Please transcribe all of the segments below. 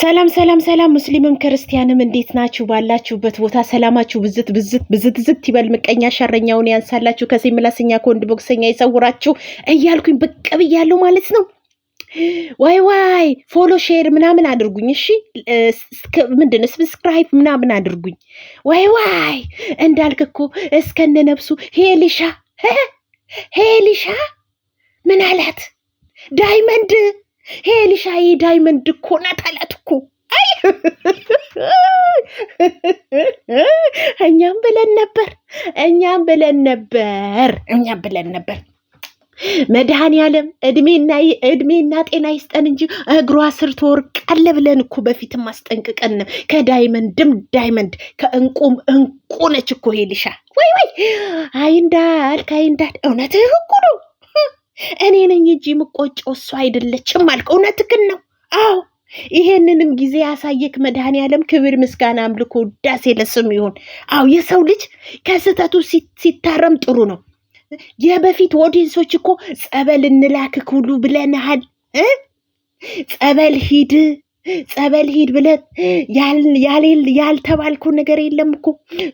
ሰላም ሰላም ሰላም ሙስሊምም ክርስቲያንም እንዴት ናችሁ? ባላችሁበት ቦታ ሰላማችሁ ብዝት ብዝት ብዝት ዝት ይበል። ምቀኛ ሸረኛውን ያንሳላችሁ፣ ከሴ ምላሰኛ ከወንድ ቦክሰኛ ይሰውራችሁ እያልኩኝ ብቅ ብያለሁ ማለት ነው። ዋይ ዋይ ፎሎ ሼር ምናምን አድርጉኝ እሺ። ምንድን ስብስክራይብ ምናምን አድርጉኝ። ዋይ ዋይ እንዳልክ እኮ እስከነ ነብሱ ሄሊሻ ሄሊሻ ምን አላት ዳይመንድ ሄልሻዬ ዳይመንድ እኮ ናት አላት እኮ። አይ እኛም ብለን ነበር፣ እኛም ብለን ነበር፣ እኛም ብለን ነበር። መድኃኔዓለም እድሜና ጤና ይስጠን እንጂ እግሯ ስር ትወርቃለ ብለን እኮ በፊትም አስጠንቅቀን ከዳይመንድም ዳይመንድ ከእንቁም እንቁ ነች እኮ ሄልሻ። ወይ ወይ፣ አይ እንዳልክ፣ አይ እውነትህ እኮ ነው። እኔ ነኝ እጅ የምቆጨው እሱ አይደለችም አልክ። እውነትህን ነው። አዎ ይሄንንም ጊዜ ያሳየክ መድኃኔዓለም ክብር፣ ምስጋና፣ አምልኮ፣ ውዳሴ ለስም ይሁን። አዎ የሰው ልጅ ከስህተቱ ሲታረም ጥሩ ነው። የበፊት ወዲንሶች እኮ ጸበል እንላክክ ሁሉ ብለንሃል። ጸበል ሂድ ጸበል ሂድ ብለት ያሌል ያልተባልኩ ነገር የለም እኮ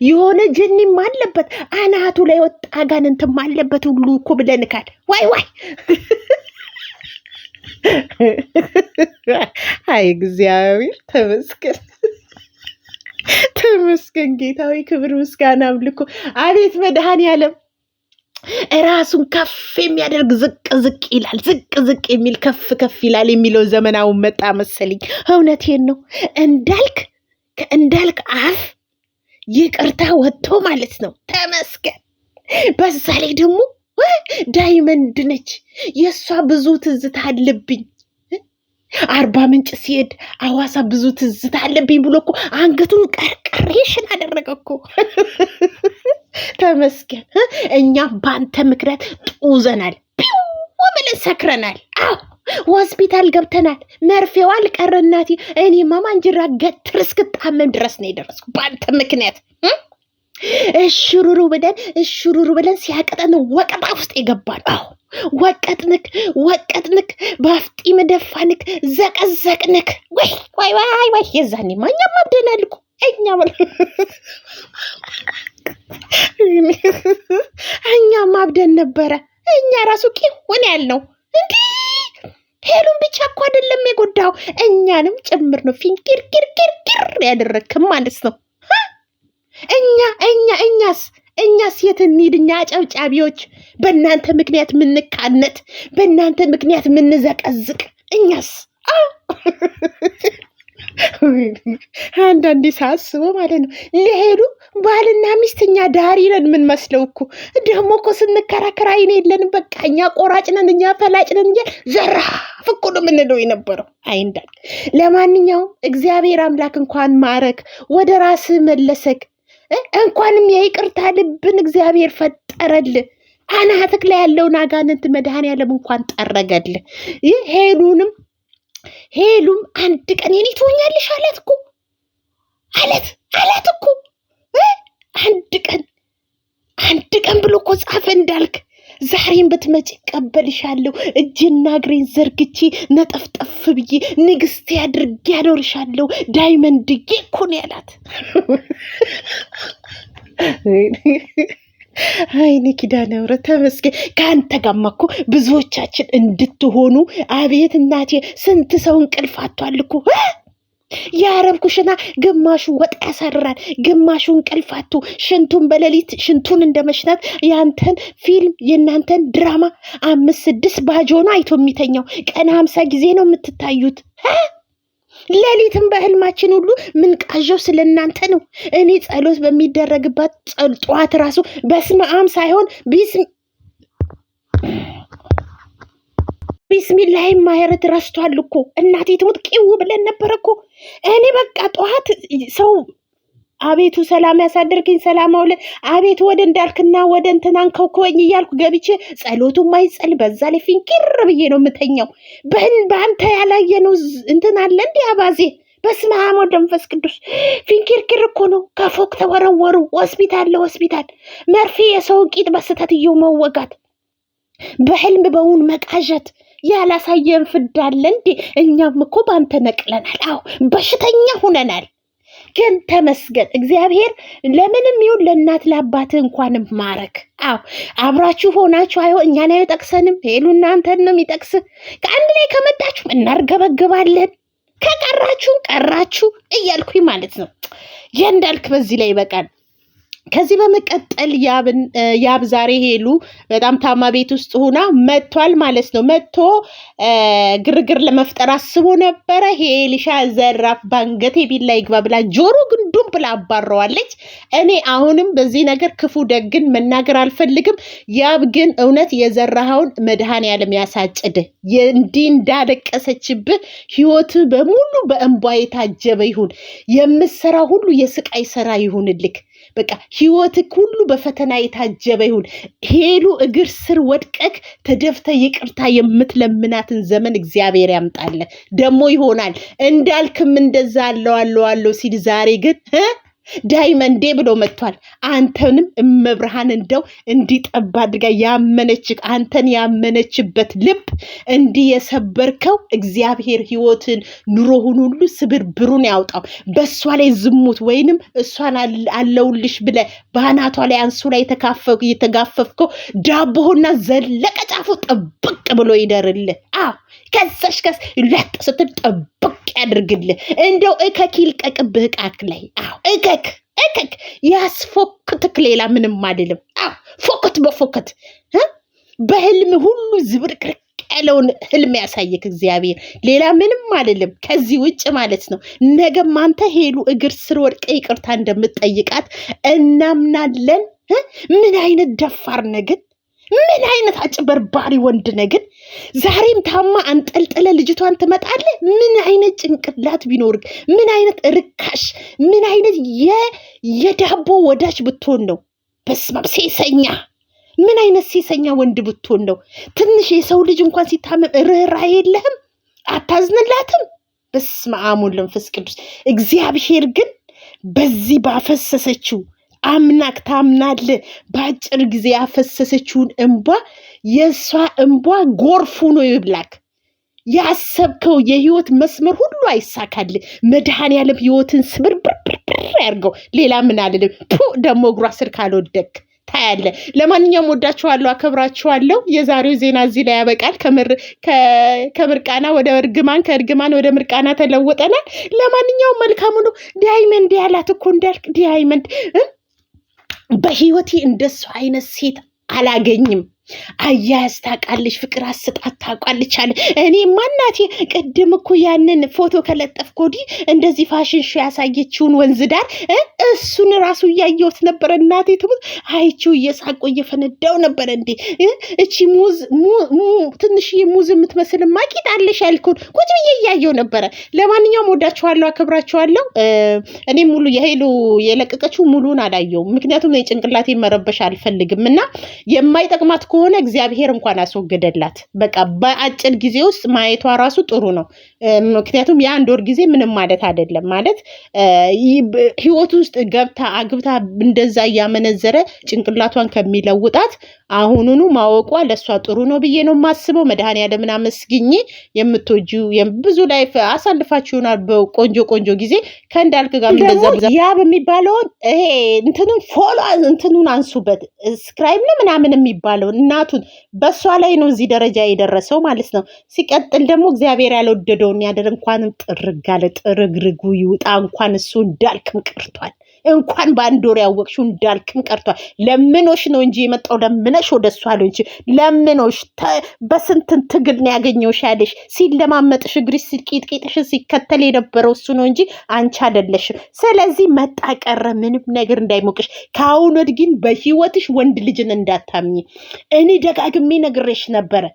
የሆነ ጅኒም አለበት አናቱ ላይ ወጣ አጋንንትም አለበት ሁሉ እኮ ብለንካል። ዋይ ዋይ! አይ እግዚአብሔር ተመስገን፣ ተመስገን። ጌታዊ ክብር ምስጋና አምልኮ አቤት መድኃኔ ዓለም ራሱን ከፍ የሚያደርግ ዝቅ ዝቅ ይላል፣ ዝቅ ዝቅ የሚል ከፍ ከፍ ይላል የሚለው ዘመናውን መጣ መሰልኝ። እውነቴን ነው እንዳልክ ከእንዳልክ አፍ ይቅርታ ወጥቶ ማለት ነው። ተመስገን። በዛ ላይ ደግሞ ዳይመንድ ነች። የእሷ ብዙ ትዝታ አለብኝ አርባ ምንጭ ሲሄድ አዋሳ ብዙ ትዝታ አለብኝ ብሎ እኮ አንገቱን ቀርቀሬሽን አደረገ እኮ። ተመስገን። እኛም በአንተ ምክንያት ጡዘናል፣ ፒው ብለን ሰክረናል፣ ሆስፒታል ገብተናል። መርፌው አልቀረ እናቴ። እኔማ ማንጅራ ገትር እስክታመም ድረስ ነው የደረስኩ በአንተ ምክንያት። እሽሩሩ ብለን እሽሩሩ ብለን ሲያቀጠን ወቀጣ ውስጥ የገባል። አዎ ወቀጥንክ ወቀጥንክ፣ በአፍጢም ደፋንክ፣ ዘቀዘቅንክ። ወይ ወይ ወይ ወይ! የዛኔማ እኛም አብደናል እኛ እኛ ማብደን ነበረ። እኛ ራሱ ቂሆን ያልነው እንዲህ ሄሉን ብቻ እኮ አይደለም የጎዳው እኛንም ጭምር ነው ፊንኪርኪርኪርኪር ያደረግክም ማለት ነው። እኛ እኛ እኛስ እኛስ የት እንሂድ? እኛ አጨብጫቢዎች፣ በእናንተ ምክንያት ምንካነት፣ በእናንተ ምክንያት ምንዘቀዝቅ እኛስ አንዳንዴ ሳስበው ማለት ነው ለሄዱ ባልና ሚስትኛ ዳሪ ነን ምን መስለው እኮ ደግሞ እኮ ስንከራከር አይን የለንም። በቃ እኛ ቆራጭ ነን፣ እኛ ፈላጭ ነን እንጂ ዘራፍ እኮ ነው የምንለው የነበረው። አይንዳል ለማንኛውም እግዚአብሔር አምላክ እንኳን ማረክ፣ ወደ ራስ መለሰክ፣ እንኳንም የይቅርታ ልብን እግዚአብሔር ፈጠረል አናትክ ላይ ያለውን አጋንንት መድኃኔ ዓለም እንኳን ጠረገል ይህ ሄዱንም ሄሉም አንድ ቀን የኔ ትሆኛለሽ አላት እኮ አላት አላት እኮ አንድ ቀን አንድ ቀን ብሎ እኮ ጻፈ እንዳልክ ዛሬን ብትመጪ እቀበልሻለሁ፣ እጅና እግሬን ዘርግቼ ነጠፍጠፍ ብዬ ንግስቴ አድርጌ ያኖርሻለሁ፣ ዳይመንድዬ እኮ ነው ያላት። አይኔ ኪዳነ ምሕረት ተመስገን። ከአንተ ጋማ እኮ ብዙዎቻችን እንድትሆኑ አቤት እናቴ፣ ስንት ሰው እንቅልፍ አቷል እኮ የአረብ ኩሽና ግማሹ ወጥ ያሰራል፣ ግማሹ እንቅልፍ ሽንቱን በሌሊት ሽንቱን እንደ መሽናት የአንተን ፊልም የእናንተን ድራማ አምስት ስድስት ባጅ አይቶ የሚተኛው ቀን ሀምሳ ጊዜ ነው የምትታዩት። ሌሊትም በህልማችን ሁሉ ምን ቃዣው ስለ እናንተ ነው። እኔ ጸሎት በሚደረግባት ጠዋት ራሱ በስመ አብ ሳይሆን ቢስሚላህ ማየረት ረስቷል እኮ እናቴ ትሙት ቂው ብለን ነበረ እኮ እኔ በቃ ጠዋት ሰው አቤቱ ሰላም ያሳድርግኝ፣ ሰላም አውለ አቤቱ ወደ እንዳልክና ወደ እንትናን ከውከወኝ እያልኩ ገብቼ ጸሎቱ ማይጸል በዛ ላይ ፊንኪር ብዬ ነው የምተኛው። በአንተ ያላየ ነው እንትን አለ እንዲ አባዜ በስመ አብ ወወልድ ወመንፈስ ቅዱስ። ፊንኪርኪር እኮ ነው። ከፎቅ ተወረወሩ። ሆስፒታል ለሆስፒታል መርፌ የሰውን ቂጥ በስተት እየው መወጋት፣ በሕልም በውን መቃዠት ያላሳየን ፍዳለ እንዴ? እኛም እኮ በአንተ ነቅለናል። አዎ በሽተኛ ሁነናል። ግን ተመስገን እግዚአብሔር ለምንም ይሁን ለእናት ለአባት እንኳንም ማረክ። አዎ አብራችሁ ሆናችሁ አይሆን እኛን አይጠቅሰንም፣ ሄሉ እናንተን ነው የሚጠቅስ። ከአንድ ላይ ከመጣችሁ እናርገበግባለን፣ ከቀራችሁ ቀራችሁ እያልኩኝ ማለት ነው። የእንዳልክ በዚህ ላይ ይበቃል። ከዚህ በመቀጠል ያብ ዛሬ ሄሉ በጣም ታማ ቤት ውስጥ ሆና መጥቷል ማለት ነው። መጥቶ ግርግር ለመፍጠር አስቦ ነበረ። ሄልሻ ዘራፍ ባንገቴ ቢላ ይግባ ብላ ጆሮ ግንዱም ብላ አባረዋለች። እኔ አሁንም በዚህ ነገር ክፉ ደግን መናገር አልፈልግም። ያብ ግን እውነት የዘራኸውን መድኃኔዓለም ያሳጭድ። እንዲህ እንዳለቀሰችብህ ህይወት በሙሉ በእንቧ የታጀበ ይሁን። የምሰራ ሁሉ የስቃይ ስራ ይሁንልክ በቃ ህይወትክ ሁሉ በፈተና የታጀበ ይሁን። ሄሉ እግር ስር ወድቀክ ተደፍተ ይቅርታ የምትለምናትን ዘመን እግዚአብሔር ያምጣለ። ደግሞ ይሆናል እንዳልክም እንደዛ አለዋለዋለው ሲል ዛሬ ግን ዳይመንዴ ብሎ መጥቷል። አንተንም እመብርሃን እንደው እንዲጠባ አድርጋ ያመነች አንተን ያመነችበት ልብ እንዲህ የሰበርከው እግዚአብሔር ሕይወትን ኑሮውን ሁሉ ስብርብሩን ያውጣው። በእሷ ላይ ዝሙት ወይንም እሷን አለውልሽ ብለ በአናቷ ላይ አንሱ ላይ የተጋፈፍከው ዳቦህና ዘለቀ ጫፉ ጥብቅ ብሎ ይደርልህ። ከሰሽ ከስ ለጥ ስትል ጠብቅ ያድርግልህ። እንደው እከክ ይልቀቅብህ እቃክ ላይ አዎ፣ እከክ እከክ ያስፎክትክ። ሌላ ምንም አይደለም። አዎ፣ ፎከት በፎከት በህልም ሁሉ ዝብርቅርቅ ያለውን ህልም ያሳየክ እግዚአብሔር። ሌላ ምንም አይደለም ከዚህ ውጭ ማለት ነው። ነገም አንተ ሄሉ እግር ስር ወድቀ ይቅርታ እንደምትጠይቃት እናምናለን። ምን አይነት ደፋር ነህ ምን አይነት አጭበርባሪ ወንድ ነህ ግን! ዛሬም ታማ አንጠልጠለ ልጅቷን ትመጣለህ። ምን አይነት ጭንቅላት ቢኖርግ፣ ምን አይነት ርካሽ፣ ምን አይነት የዳቦ ወዳጅ ብትሆን ነው? በስመ አብ ሴሰኛ ምን አይነት ሴሰኛ ወንድ ብትሆን ነው? ትንሽ የሰው ልጅ እንኳን ሲታመም ርኅራኄ የለህም፣ አታዝንላትም። በስመ አብ ወመንፈስ ቅዱስ። እግዚአብሔር ግን በዚህ ባፈሰሰችው አምናክ ታምናለ። በአጭር ጊዜ ያፈሰሰችውን እንቧ የእሷ እንቧ ጎርፉ ነው ይብላክ። ያሰብከው የህይወት መስመር ሁሉ አይሳካል። መድኃኔዓለም ህይወትን ስብርብርብር ያርገው። ሌላ ምን አልልም። ፑ ደግሞ እግሯ ስር ካልወደክ ታያለ። ለማንኛውም ወዳችኋለሁ፣ አከብራችኋለሁ። የዛሬው ዜና እዚህ ላይ ያበቃል። ከምርቃና ወደ እርግማን፣ ከእርግማን ወደ ምርቃና ተለወጠናል። ለማንኛውም መልካም ነው። ዲያይመንድ ያላት እኮ እንዳልክ ዲያይመንድ በህይወቴ እንደሱ አይነት ሴት አላገኝም። አያያዝ ታውቃለች፣ ፍቅር አስጣት ታውቃለች አለ። እኔ ማናቴ ቅድም እኮ ያንን ፎቶ ከለጠፍኩ ወዲህ እንደዚህ ፋሽን ሾ ያሳየችውን ወንዝ ዳር እሱን ራሱ እያየሁት ነበረ። እናቴ ትሙት አይቼው እየሳቆ እየፈነዳው ነበረ። እንዴ እቺ ሙዝ ትንሽዬ ሙዝ የምትመስል አለሽ ያልኩን ቁጭ ብዬ እያየው ነበረ። ለማንኛውም ወዳችኋለሁ፣ አከብራችኋለሁ። እኔ ሙሉ የሄሉ የለቀቀችው ሙሉን አላየውም፣ ምክንያቱም የጭንቅላቴ መረበሽ አልፈልግም እና የማይጠቅማት እኮ ከሆነ እግዚአብሔር እንኳን አስወገደላት። በቃ በአጭር ጊዜ ውስጥ ማየቷ ራሱ ጥሩ ነው። ምክንያቱም የአንድ ወር ጊዜ ምንም ማለት አይደለም። ማለት ህይወት ውስጥ ገብታ አግብታ እንደዛ እያመነዘረ ጭንቅላቷን ከሚለውጣት አሁኑኑ ማወቋ ለእሷ ጥሩ ነው ብዬ ነው የማስበው። መድኃኔዓለምን አመስግኝ። የምትወጂው ብዙ ላይፍ አሳልፋችሁ ይሆናል በቆንጆ ቆንጆ ጊዜ ከእንዳልክ ጋር ያ በሚባለውን ይሄ እንትኑን ፎሎ እንትኑን አንሱበት ስክራይብ ነው ምናምን የሚባለውን እናቱን በእሷ ላይ ነው እዚህ ደረጃ የደረሰው ማለት ነው። ሲቀጥል ደግሞ እግዚአብሔር ያልወደደውን ያደር እንኳንም ጥርግ አለ ጥርግርጉ ይውጣ። እንኳን እሱ እንዳልክም ቀርቷል። እንኳን በአንድ ወር ያወቅሽው እንዳልክን ቀርቷል። ለምኖሽ ነው እንጂ የመጣው ለምነሽ ወደ እሷ እንጂ ለምኖሽ በስንትን ትግል ነው ያገኘውሽ ያለሽ ሲለማመጥሽ እግርሽ ቂጥቂጥሽን ሲከተል የነበረው እሱ ነው እንጂ አንቺ አይደለሽም። ስለዚህ መጣ ቀረ ምንም ነገር እንዳይሞቅሽ። ከአሁን ወዲህ ግን በህይወትሽ ወንድ ልጅን እንዳታምኝ። እኔ ደጋግሜ ነግሬሽ ነበረ።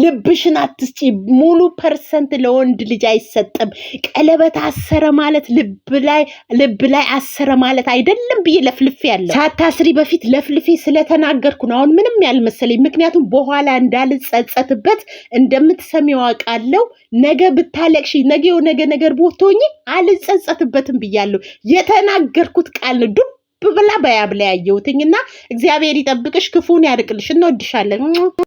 ልብሽን አትስጪ። ሙሉ ፐርሰንት ለወንድ ልጅ አይሰጥም። ቀለበት አሰረ ማለት ልብ ላይ ልብ ላይ አሰረ ማለት አይደለም ብዬ ለፍልፌ ያለው ሳታስሪ በፊት ለፍልፌ ስለተናገርኩ ነው። አሁን ምንም ያልመሰለኝ፣ ምክንያቱም በኋላ እንዳልጸጸትበት እንደምትሰሚ አውቃለሁ። ነገ ብታለቅሽ ነገ ነገ ነገር ቦቶኝ አልጸጸትበትም ብያለሁ። የተናገርኩት ቃል ነው። ዱብ ብላ በያብ ላይ ያየሁትኝ እና እግዚአብሔር ይጠብቅሽ፣ ክፉን ያርቅልሽ። እንወድሻለን።